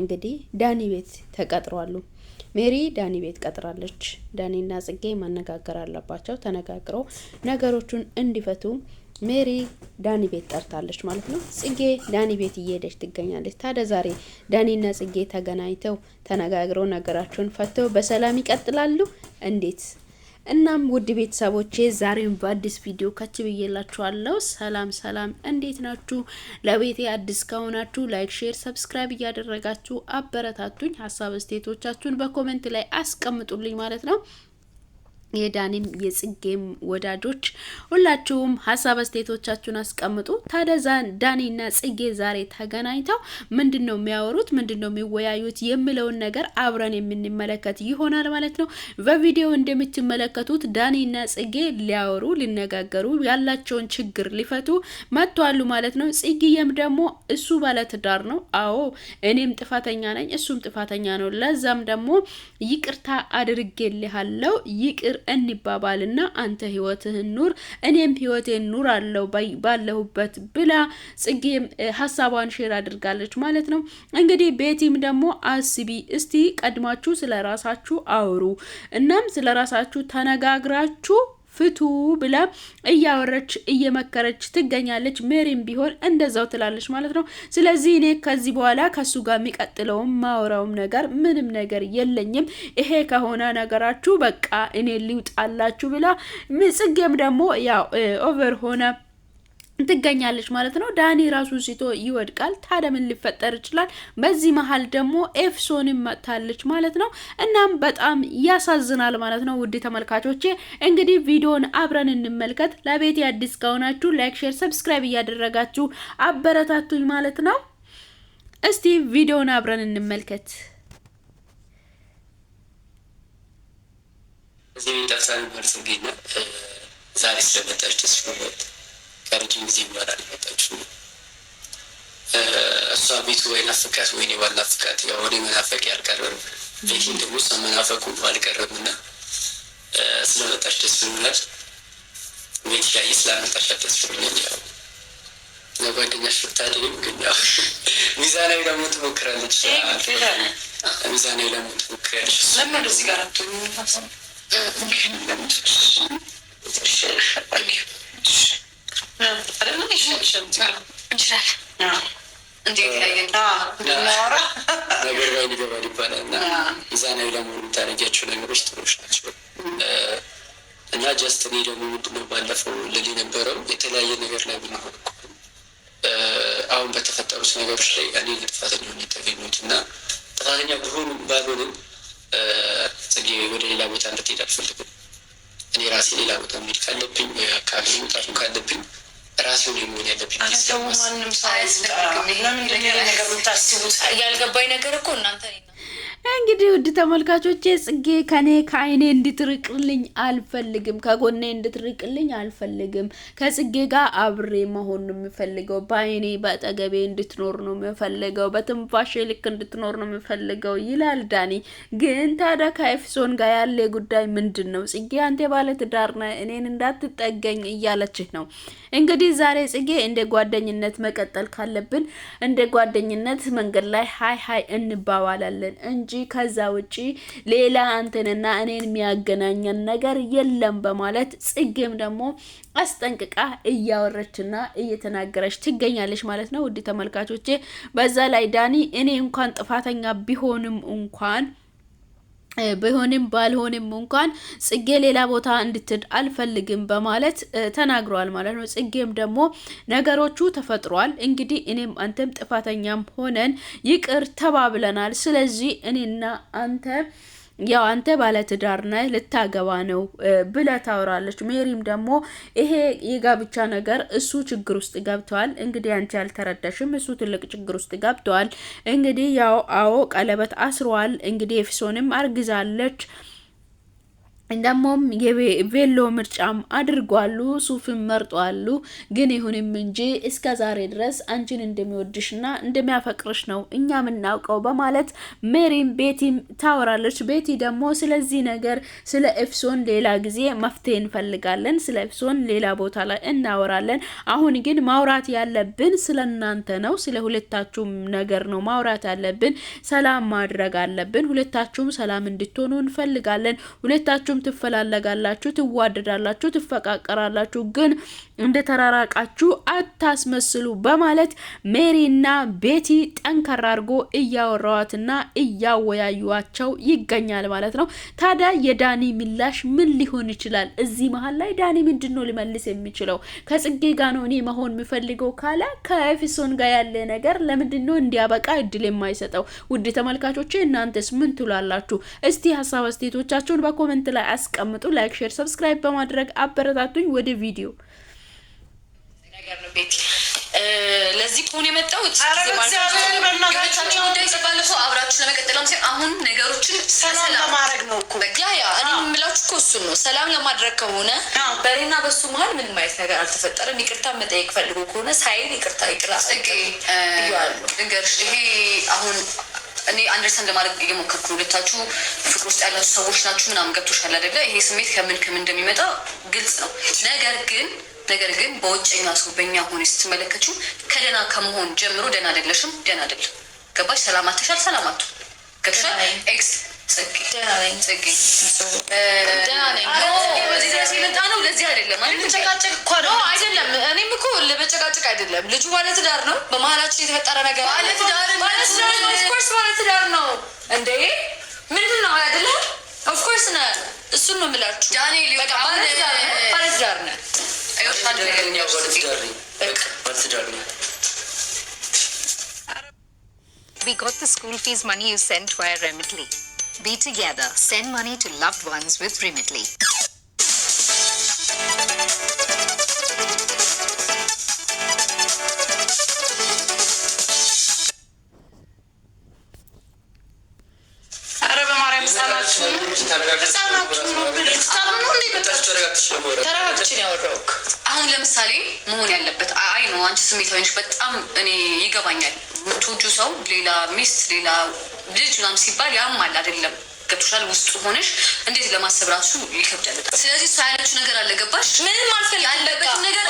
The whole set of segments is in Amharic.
እንግዲህ ዳኒ ቤት ተቀጥሯሉ። ሜሪ ዳኒ ቤት ቀጥራለች። ዳኒና ጽጌ ማነጋገር አለባቸው። ተነጋግረው ነገሮቹን እንዲፈቱ ሜሪ ዳኒ ቤት ጠርታለች ማለት ነው። ጽጌ ዳኒ ቤት እየሄደች ትገኛለች። ታዲያ ዛሬ ዳኒና ጽጌ ተገናኝተው ተነጋግረው ነገራቸውን ፈተው በሰላም ይቀጥላሉ እንዴት እናም ውድ ቤተሰቦቼ ዛሬም በአዲስ ቪዲዮ ከች ብዬላችኋለሁ። ሰላም ሰላም፣ እንዴት ናችሁ? ለቤቴ አዲስ ከሆናችሁ ላይክ፣ ሼር፣ ሰብስክራይብ እያደረጋችሁ አበረታቱኝ። ሀሳብ አስተያየቶቻችሁን በኮሜንት ላይ አስቀምጡልኝ ማለት ነው። የዳኒም የጽጌም ወዳጆች ሁላችሁም ሀሳብ አስተያየቶቻችሁን አስቀምጡ። ታዲያ ዳኒና ጽጌ ዛሬ ተገናኝተው ምንድን ነው የሚያወሩት፣ ምንድን ነው የሚወያዩት የሚለውን ነገር አብረን የምንመለከት ይሆናል ማለት ነው። በቪዲዮ እንደምትመለከቱት ዳኒና ጽጌ ሊያወሩ ሊነጋገሩ ያላቸውን ችግር ሊፈቱ መጥቷሉ ማለት ነው። ጽጌየም ደግሞ እሱ ባለትዳር ነው፣ አዎ እኔም ጥፋተኛ ነኝ፣ እሱም ጥፋተኛ ነው። ለዛም ደግሞ ይቅርታ አድርጌልሃለው ይቅር እንባባልና አንተ ህይወትህን ኑር እኔም ህይወቴን ኑር አለው ባለሁበት ብላ ጽጌም ሀሳቧን ሼር አድርጋለች ማለት ነው። እንግዲህ ቤቲም ደግሞ አስቢ እስቲ ቀድማችሁ ስለ ራሳችሁ አውሩ እናም ስለ ራሳችሁ ተነጋግራችሁ ፍቱ ብላ እያወረች እየመከረች ትገኛለች። ሜሪም ቢሆን እንደዛው ትላለች ማለት ነው። ስለዚህ እኔ ከዚህ በኋላ ከሱ ጋር የሚቀጥለውም ማውራውም ነገር ምንም ነገር የለኝም፣ ይሄ ከሆነ ነገራችሁ በቃ እኔ ሊውጣላችሁ ብላ ጽጌም ደግሞ ያው ኦቨር ሆነ ትገኛለች ማለት ነው። ዳኒ ራሱን ሲቶ ይወድቃል። ታዲያ ምን ሊፈጠር ይችላል? በዚህ መሀል ደግሞ ኤፍሶንም መጥታለች ማለት ነው። እናም በጣም ያሳዝናል ማለት ነው። ውድ ተመልካቾቼ እንግዲህ ቪዲዮን አብረን እንመልከት። ለቤት አዲስ ከሆናችሁ ላይክ፣ ሼር፣ ሰብስክራይብ እያደረጋችሁ አበረታቱኝ ማለት ነው። እስቲ ቪዲዮን አብረን እንመልከት። እዚህ ዛሬ ስለመጣች ከረጅም ጊዜ በኋላ ሊመጣችሁ እሷ ቤቱ ወይ ናፍቃት ወይኔ ባልናፍቃት ያው እኔ መናፈቅ አልቀረም ቤቴን ደግሞ እሷ መናፈቁ አልቀረም እና ስለመጣች ደስ ብሎናል። ቤት ላይ ስላመጣች ደስ ብሎኛል። ያው ለጓደኛሽ ብታድንም ግን ያው ሚዛናዊ ደግሞ ትሞክራለች። ሚዛናዊ ትሞክራለች። ለምን ጋር ነጎድጓድ እና ሚዛናዊ ለመሆኑ የምታደርጊያቸው ጀስት እኔ ደግሞ ምንድነው ባለፈው ልል የነበረው የተለያየ ነገር ላይ ብንሆን አሁን በተፈጠሩት ነገሮች ላይ እኔ ጥፋተኛ ሆኜ የተገኘሁት እና ጥፋተኛ ብሆን ባልሆንም ጽጌ ወደ ሌላ ቦታ እንድትሄድ አልፈልግም። እኔ ራሴ ሌላ ቦታ መሄድ ካለብኝ ወይ አካባቢ መውጣቱ ካለብኝ ራስ ሊሆን ያለብኝ ሰው ማንም ሰው ያልገባኝ ነገር እኮ እናንተ እንግዲህ ውድ ተመልካቾቼ ጽጌ ከኔ ከአይኔ እንድትርቅልኝ አልፈልግም፣ ከጎኔ እንድትርቅልኝ አልፈልግም። ከጽጌ ጋር አብሬ መሆን ነው የምፈልገው። በአይኔ በአጠገቤ እንድትኖር ነው የምፈልገው። በትንፋሼ ልክ እንድትኖር ነው የምፈልገው ይላል ዳኒ። ግን ታዲያ ከኤፍሶን ጋር ያለ ጉዳይ ምንድን ነው? ጽጌ አንተ ባለትዳር ነ እኔን እንዳትጠገኝ እያለችህ ነው። እንግዲህ ዛሬ ጽጌ እንደ ጓደኝነት መቀጠል ካለብን እንደ ጓደኝነት መንገድ ላይ ሀይ ሀይ እንባባላለን እንጂ ከዛ ውጪ ሌላ አንተንና እኔን የሚያገናኘን ነገር የለም በማለት ጽጌም ደግሞ አስጠንቅቃ እያወረችና እየተናገረች ትገኛለች ማለት ነው። ውድ ተመልካቾቼ፣ በዛ ላይ ዳኒ እኔ እንኳን ጥፋተኛ ቢሆንም እንኳን ቢሆንም ባልሆንም እንኳን ጽጌ ሌላ ቦታ እንድትድ አልፈልግም በማለት ተናግረዋል ማለት ነው። ጽጌም ደግሞ ነገሮቹ ተፈጥሯል፣ እንግዲህ እኔም አንተም ጥፋተኛም ሆነን ይቅር ተባብለናል። ስለዚህ እኔና አንተ ያው አንተ ባለትዳር ነህ ልታገባ ነው ብለ ታወራለች። ሜሪም ደግሞ ይሄ የጋብቻ ነገር እሱ ችግር ውስጥ ገብተዋል። እንግዲህ አንቺ ያልተረዳሽም እሱ ትልቅ ችግር ውስጥ ገብተዋል። እንግዲህ ያው አዎ ቀለበት አስሯል። እንግዲህ ኤፌሶንም አርግዛለች። ደግሞም የቬሎ ምርጫም አድርጓሉ፣ ሱፍም መርጧሉ። ግን ይሁንም እንጂ እስከ ዛሬ ድረስ አንቺን እንደሚወድሽና እንደሚያፈቅርሽ ነው እኛ የምናውቀው በማለት ሜሪም ቤቲም ታወራለች። ቤቲ ደግሞ ስለዚህ ነገር ስለ ኤፍሶን ሌላ ጊዜ መፍትሄ እንፈልጋለን፣ ስለ ኤፍሶን ሌላ ቦታ ላይ እናወራለን። አሁን ግን ማውራት ያለብን ስለ እናንተ ነው፣ ስለ ሁለታችሁም ነገር ነው ማውራት ያለብን። ሰላም ማድረግ አለብን። ሁለታችሁም ሰላም እንድትሆኑ እንፈልጋለን። ሁለታችሁ ሁላችሁም ትፈላለጋላችሁ፣ ትዋደዳላችሁ፣ ትፈቃቀራላችሁ። ግን እንደተራራቃችሁ አታስመስሉ በማለት ሜሪና ቤቲ ጠንከራ አድርጎ እያወራዋትና እያወያዩዋቸው ይገኛል ማለት ነው። ታዲያ የዳኒ ምላሽ ምን ሊሆን ይችላል? እዚህ መሀል ላይ ዳኒ ምንድን ነው ሊመልስ የሚችለው? ከጽጌ ጋር ነው እኔ መሆን የምፈልገው ካለ ከኤፌሶን ጋር ያለ ነገር ለምንድን ነው እንዲያበቃ እድል የማይሰጠው? ውድ ተመልካቾቼ እናንተስ ምን ትላላችሁ? እስቲ ሀሳብ አስተያየቶቻችሁን በኮመንት ላይ ላይ አስቀምጡ። ላይክ፣ ሼር፣ ሰብስክራይብ በማድረግ አበረታቱኝ። ወደ ቪዲዮ ለዚህ ከሆነ የመጣሁት ባለፈው አብራችሁ ለመቀጠል ሲሆን አሁን ነገሮችን ሰላም ለማድረግ ነው እኮ ያ ያ እኔ የምላችሁ እኮ እሱን ነው። ሰላም ለማድረግ ከሆነ በሬና በሱ መሀል ምንም አይነት ነገር አልተፈጠረም። ይቅርታ መጠየቅ ፈልጎ ከሆነ ሳይል ይቅርታ ይቅራ ይዋሉ ነገር ይሄ አሁን እኔ አንደርስታንድ ለማድረግ እየሞከርኩ ነው። ሁለታችሁ ፍቅር ውስጥ ያላችሁ ሰዎች ናችሁ ምናምን ገብቶሻል አይደለ? ይሄ ስሜት ከምን ከምን እንደሚመጣ ግልጽ ነው። ነገር ግን ነገር ግን በውጭኛ ሰው በእኛ ሆነ ስትመለከችው ከደህና ከመሆን ጀምሮ ደህና አይደለሽም። ደህና አይደለም። ገባሽ? ሰላም አትሻል። ሰላም አቱ ገብሻል ኤክስ እኔም እኮ ለመጨቃጨቅ አይደለም። ልጁ ባለትዳር ነው። በመሀላችን የተፈጠረ ነገር ባለትዳር ነው እንዴ? ምንድን ነው አይደለም? ኦፍኮርስ ነው። እሱን ነው የምላችሁ። ባለትዳር ነው። We got the school fees money you Be together. Send money to loved ones with Remitly. ተረጋግችን ያወራውክ አሁን ለምሳሌ መሆን ያለበት አይ ነው። አንቺ ስሜታዊ ነሽ በጣም እኔ ይገባኛል። የምትወጁ ሰው ሌላ ሚስት፣ ሌላ ልጅ ምናምን ሲባል ያማል አይደለም ገብቶሻል? ውስጡ ሆነሽ እንዴት ለማሰብ ራሱ ይከብዳል። ስለዚህ እሷ ያለችው ነገር አለገባሽ ምንም አልፈልግም ያለበት ነገር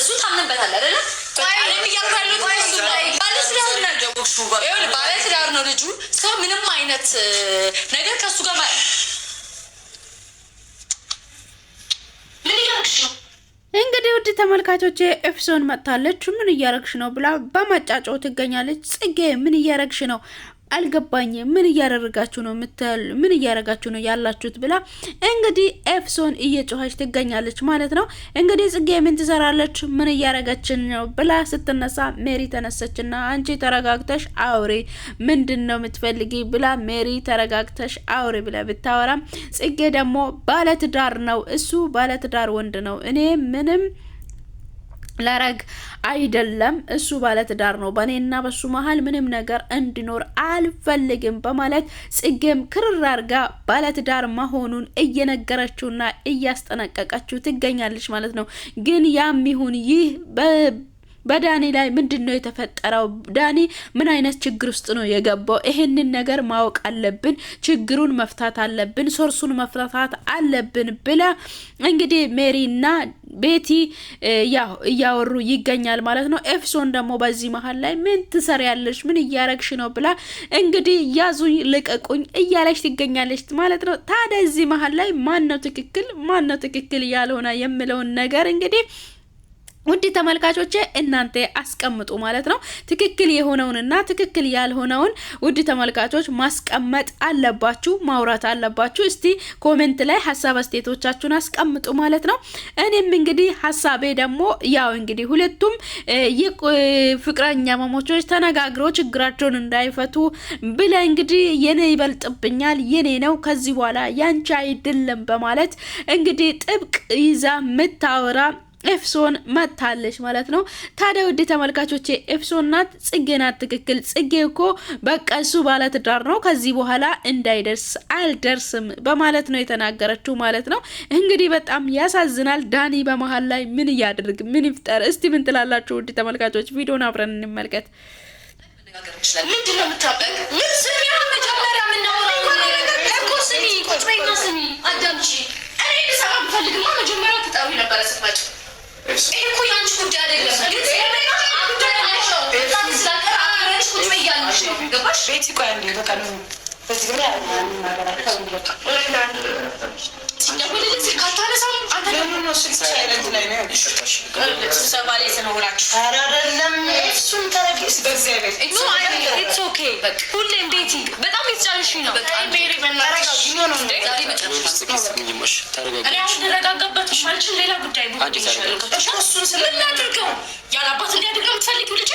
እሱ ታምንበታል አይደለ? ባለትዳር ነው ልጁ። ሰው ምንም አይነት ነገር ከሱ ጋር እንግዲህ ውድ ተመልካቾች ኤፍሶን መጥታለች። ምን እያረግሽ ነው ብላ በመጫጫው ትገኛለች። ጽጌ ምን እያረግሽ ነው? አልገባኝም። ምን እያደረጋችሁ ነው? ምን እያደረጋችሁ ነው ያላችሁት? ብላ እንግዲህ ኤፍሶን እየጮኸች ትገኛለች ማለት ነው። እንግዲህ ጽጌ ምን ትሰራለች? ምን እያደረገችን ነው ብላ ስትነሳ ሜሪ ተነሰችና አንቺ ተረጋግተሽ አውሪ፣ ምንድን ነው የምትፈልጊ? ብላ ሜሪ ተረጋግተሽ አውሪ ብላ ብታወራም ጽጌ ደግሞ ባለትዳር ነው እሱ ባለትዳር ወንድ ነው እኔ ምንም ለረግ አይደለም እሱ ባለትዳር ነው። በእኔና በሱ መሀል ምንም ነገር እንዲኖር አልፈልግም በማለት ጽጌም ክርር አርጋ ባለትዳር መሆኑን እየነገረችውና እያስጠነቀቀችው ትገኛለች ማለት ነው። ግን ያም ይሁን ይህ በዳኒ ላይ ምንድን ነው የተፈጠረው? ዳኒ ምን አይነት ችግር ውስጥ ነው የገባው? ይህንን ነገር ማወቅ አለብን፣ ችግሩን መፍታት አለብን፣ ሶርሱን መፍታት አለብን ብላ እንግዲህ ሜሪና ቤቲ እያወሩ ይገኛል ማለት ነው። ኤፍሶን ደግሞ በዚህ መሀል ላይ ምን ትሰሪያለሽ? ምን እያረግሽ ነው? ብላ እንግዲህ ያዙኝ ልቀቁኝ እያለች ትገኛለች ማለት ነው። ታዲያ እዚህ መሀል ላይ ማን ነው ትክክል፣ ማን ነው ትክክል ያልሆነ የምለውን ነገር እንግዲህ ውድ ተመልካቾች እናንተ አስቀምጡ ማለት ነው። ትክክል የሆነውንና ትክክል ያልሆነውን ውድ ተመልካቾች ማስቀመጥ አለባችሁ፣ ማውራት አለባችሁ። እስቲ ኮሜንት ላይ ሀሳብ አስተያየቶቻችሁን አስቀምጡ ማለት ነው። እኔም እንግዲህ ሀሳቤ ደግሞ ያው እንግዲህ ሁለቱም ፍቅረኛ ማሞቾች ተነጋግረው ችግራቸውን እንዳይፈቱ ብለ እንግዲህ የኔ ይበልጥብኛል፣ የኔ ነው፣ ከዚህ በኋላ ያንቺ አይደለም በማለት እንግዲህ ጥብቅ ይዛ ምታወራ ኤፍሶን መታለች ማለት ነው። ታዲያ ውድ ተመልካቾቼ ኤፍሶን ናት፣ ጽጌ ናት። ትክክል ጽጌ እኮ በቃ እሱ ባለትዳር ነው፣ ከዚህ በኋላ እንዳይደርስ አልደርስም በማለት ነው የተናገረችው ማለት ነው። እንግዲህ በጣም ያሳዝናል። ዳኒ በመሀል ላይ ምን እያደርግ ምን ይፍጠር? እስቲ ምን ትላላችሁ ውድ ተመልካቾች? ቪዲዮን አብረን እንመልከት። መጀመሪያ ትጠሩ ነበረ ይሄ እኮ የአንቺ ነው። በዚህ ጊዜ ሁሌም ቤቲ ሌላ ጉዳይ እንዲያደርገው የምትፈልጊው ልጅ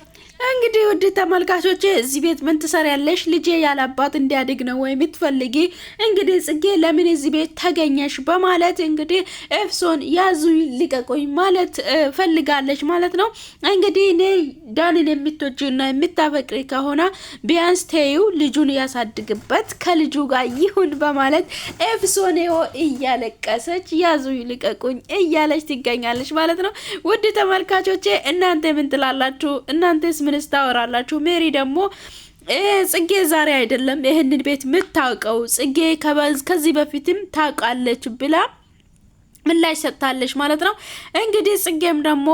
እንግዲህ ውድ ተመልካቾቼ እዚህ ቤት ምን ትሰሪያለሽ? ልጄ ያላባት እንዲያድግ ነው ወይ የምትፈልጊ? እንግዲህ ጽጌ ለምን እዚህ ቤት ተገኘሽ? በማለት እንግዲህ ኤፍሶን ያዙኝ ልቀቁኝ ማለት ፈልጋለች ማለት ነው። እንግዲህ እኔ ዳንን የምትወጂና የምታፈቅሪ ከሆነ ቢያንስ ተዩ ልጁን ያሳድግበት ከልጁ ጋር ይሁን በማለት ኤፍሶን እያለቀሰች ያዙኝ ልቀቁኝ እያለች ትገኛለች ማለት ነው። ውድ ተመልካቾቼ እናንተ ምን ትላላችሁ? እናንተስ ምንስ ታወራላችሁ? ሜሪ ደግሞ ጽጌ ዛሬ አይደለም ይህንን ቤት የምታውቀው ጽጌ ከዚህ በፊትም ታውቃለች ብላ ምላሽ ሰጥታለች ማለት ነው። እንግዲህ ጽጌም ደግሞ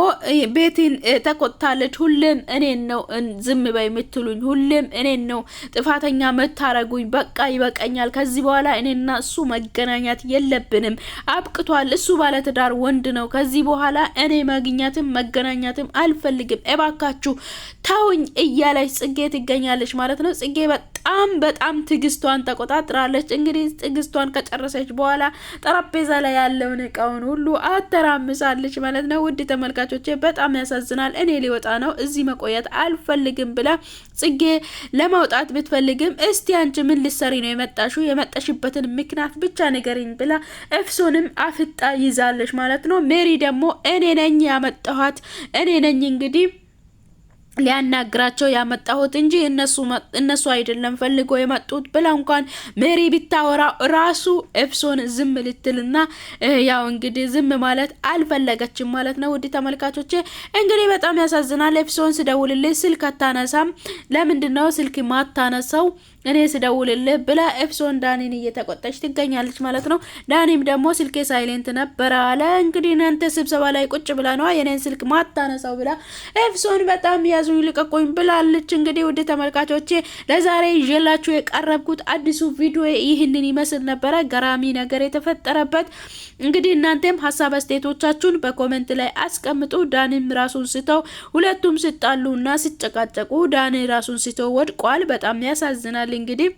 ቤቲን ተቆጥታለች። ሁሌም እኔን ነው ዝም በይ የምትሉኝ፣ ሁሌም እኔን ነው ጥፋተኛ መታረጉኝ። በቃ ይበቀኛል ከዚህ በኋላ እኔና እሱ መገናኛት የለብንም፣ አብቅቷል። እሱ ባለትዳር ወንድ ነው። ከዚህ በኋላ እኔ ማግኛትም መገናኛትም አልፈልግም። እባካችሁ ተውኝ እያለች ጽጌ ትገኛለች ማለት ነው። ጽጌ በጣም በጣም ትግስቷን ተቆጣጥራለች። እንግዲህ ትግስቷን ከጨረሰች በኋላ ጠረጴዛ ላይ ያለውን እቃውን ሁሉ አተራምሳለች ማለት ነው። ውድ ተመልካቾቼ በጣም ያሳዝናል። እኔ ሊወጣ ነው እዚህ መቆየት አልፈልግም ብላ ጽጌ ለመውጣት ብትፈልግም እስቲ አንቺ ምን ልትሰሪ ነው የመጣሹ? የመጣሽበትን ምክንያት ብቻ ንገሪኝ ብላ ኤፍሶንም አፍጣ ይዛለች ማለት ነው። ሜሪ ደግሞ እኔ ነኝ ያመጣኋት እኔ ነኝ እንግዲህ ሊያናግራቸው ያመጣሁት እንጂ እነሱ አይደለም ፈልገው የመጡት ብላ እንኳን ሜሪ ብታወራ ራሱ ኤፕሶን ዝም ልትልና ያው እንግዲህ ዝም ማለት አልፈለገችም ማለት ነው። ውድ ተመልካቾቼ እንግዲህ በጣም ያሳዝናል። ኤፕሶን ስደውልልህ ስልክ አታነሳም። ለምንድን ነው ስልክ ማታነሳው? እኔ ስደውልልህ ብላ ኤፍሶን ዳኒን እየተቆጠች ትገኛለች ማለት ነው። ዳኒም ደግሞ ስልኬ ሳይሌንት ነበረ አለ። እንግዲህ እናንተ ስብሰባ ላይ ቁጭ ብላ ነዋ የኔን ስልክ ማታነሳው ብላ ኤፍሶን በጣም ያዙኝ ልቀቁኝ ብላለች። እንግዲህ ውድ ተመልካቾቼ ለዛሬ ይዤላችሁ የቀረብኩት አዲሱ ቪዲዮ ይህንን ይመስል ነበረ። ገራሚ ነገር የተፈጠረበት እንግዲህ እናንተም ሀሳብ አስተያየቶቻችሁን በኮሜንት ላይ አስቀምጡ። ዳኒም ራሱን ስተው ሁለቱም እና ሲጨቃጨቁ ዳኒ ራሱን ስተው ወድቋል። በጣም ያሳዝናል። እንግዲህ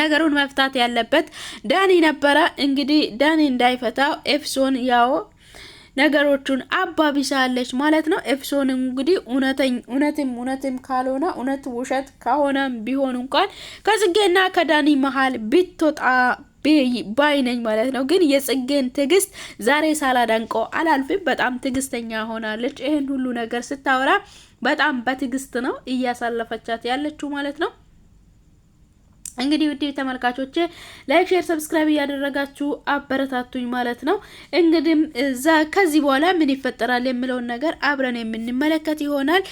ነገሩን መፍታት ያለበት ዳኒ ነበረ። እንግዲህ ዳኒ እንዳይፈታው ኤፍሶን ያው ነገሮቹን አባብሳለች ማለት ነው። ኤፍሶን እንግዲህ እውነትም እውነትም ካልሆነ እውነት ውሸት ከሆነም ቢሆን እንኳን ከጽጌና ከዳኒ መሀል ብትወጣ ባይ ነኝ ማለት ነው። ግን የጽጌን ትዕግስት ዛሬ ሳላደንቆ አላልፍም። በጣም ትዕግስተኛ ሆናለች። ይህን ሁሉ ነገር ስታወራ በጣም በትዕግስት ነው እያሳለፈቻት ያለችው ማለት ነው። እንግዲህ ውድ ተመልካቾች ላይክ፣ ሼር፣ ሰብስክራይብ እያደረጋችሁ አበረታቱኝ ማለት ነው። እንግዲህም እዛ ከዚህ በኋላ ምን ይፈጠራል የሚለውን ነገር አብረን የምንመለከት ይሆናል።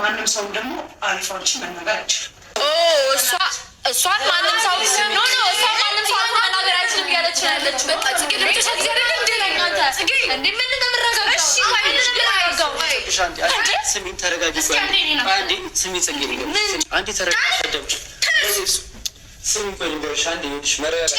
ማንም ሰው ደግሞ አሪፋችን መናገር አይችልም። እሷን ማንም ሰው ኖ ኖ እሷን ማንም ሰው መናገር አይችልም እያለች ያለች በቃ ጽጌ ልብቶች እግዚአብሔር እንዴ እናንተ እንዴ ምን ነው እሺ ወይ ስሚኝ፣ ተረጋጊ። አንዴ ስሚኝ ጽጌ አንዴ ተረጋጊ። ሰደብሽ ስሚ ቆንጆሽ አንዴ ይሁንሽ መረጋጋት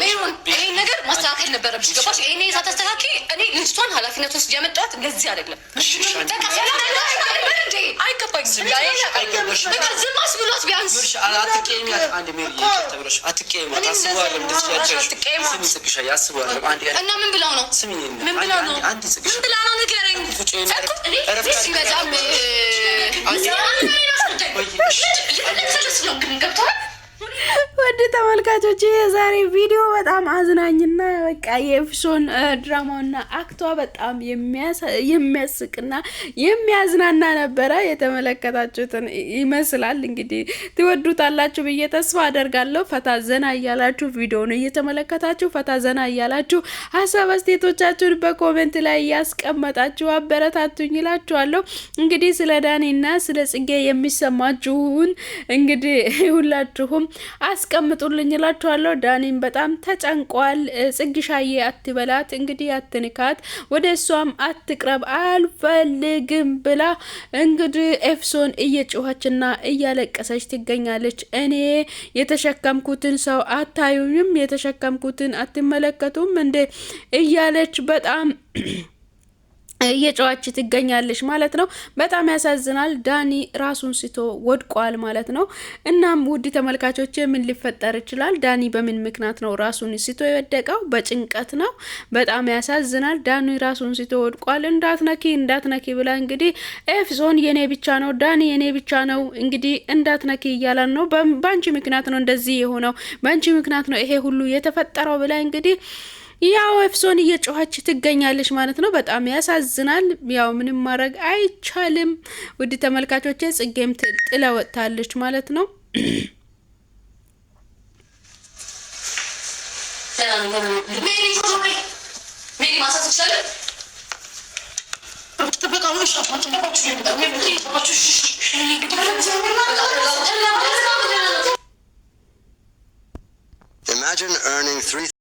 ሜሮን ይሄን ነገር ማስተካከል ነበረብሽ። ገባሽ? ይሄን ሳታስተካኪ እኔ ልጅቷን ኃላፊነት ውስጥ የመጣት ለዚህ አይደለም። ዝም አስብሏት ቢያንስ እና ምን ብለው ነው ምን ብለው ነው ምን ብላ ነው ንገረኝ። ገብተዋል ወደ ተመልካቾች የዛሬ ቪዲዮ በጣም አዝናኝና በቃ የኤፍሶን ድራማውና አክቷ በጣም የሚያስቅና የሚያዝናና ነበረ። የተመለከታችሁትን ይመስላል እንግዲህ ትወዱታላችሁ ብዬ ተስፋ አደርጋለሁ። ፈታ ዘና እያላችሁ ቪዲዮን እየተመለከታችሁ ፈታ ዘና እያላችሁ ሀሳብ አስቴቶቻችሁን በኮሜንት ላይ እያስቀመጣችሁ አበረታቱኝ ይላችኋለሁ። እንግዲህ ስለ ዳኒና ስለ ጽጌ የሚሰማችሁን እንግዲህ ሁላችሁም አስቀምጡልኝ እላችኋለሁ። ዳኒም በጣም ተጨንቋል። ጽግሻዬ አትበላት እንግዲህ አትንካት፣ ወደ እሷም አትቅረብ አልፈልግም ብላ እንግዲህ ኤፍሶን እየጮኸችና እያለቀሰች ትገኛለች። እኔ የተሸከምኩትን ሰው አታዩኝም? የተሸከምኩትን አትመለከቱም እንዴ? እያለች በጣም እየጨዋች ትገኛለች ማለት ነው። በጣም ያሳዝናል። ዳኒ ራሱን ስቶ ወድቋል ማለት ነው። እናም ውድ ተመልካቾች ምን ሊፈጠር ይችላል? ዳኒ በምን ምክንያት ነው ራሱን ስቶ የወደቀው? በጭንቀት ነው። በጣም ያሳዝናል። ዳኒ ራሱን ስቶ ወድቋል። እንዳትነኪ እንዳትነኪ ብላ እንግዲህ ኤፍሶን የኔ ብቻ ነው ዳኒ የኔ ብቻ ነው እንግዲህ እንዳትነኪ እያላን ነው። በአንቺ ምክንያት ነው እንደዚህ የሆነው፣ በአንቺ ምክንያት ነው ይሄ ሁሉ የተፈጠረው ብላ እንግዲህ ያው ኤፍሶን እየጮኸች ትገኛለች ማለት ነው። በጣም ያሳዝናል። ያው ምንም ማድረግ አይቻልም። ውድ ተመልካቾቼ ጽጌም ጥላ ወጥታለች ማለት ነው። Imagine earning three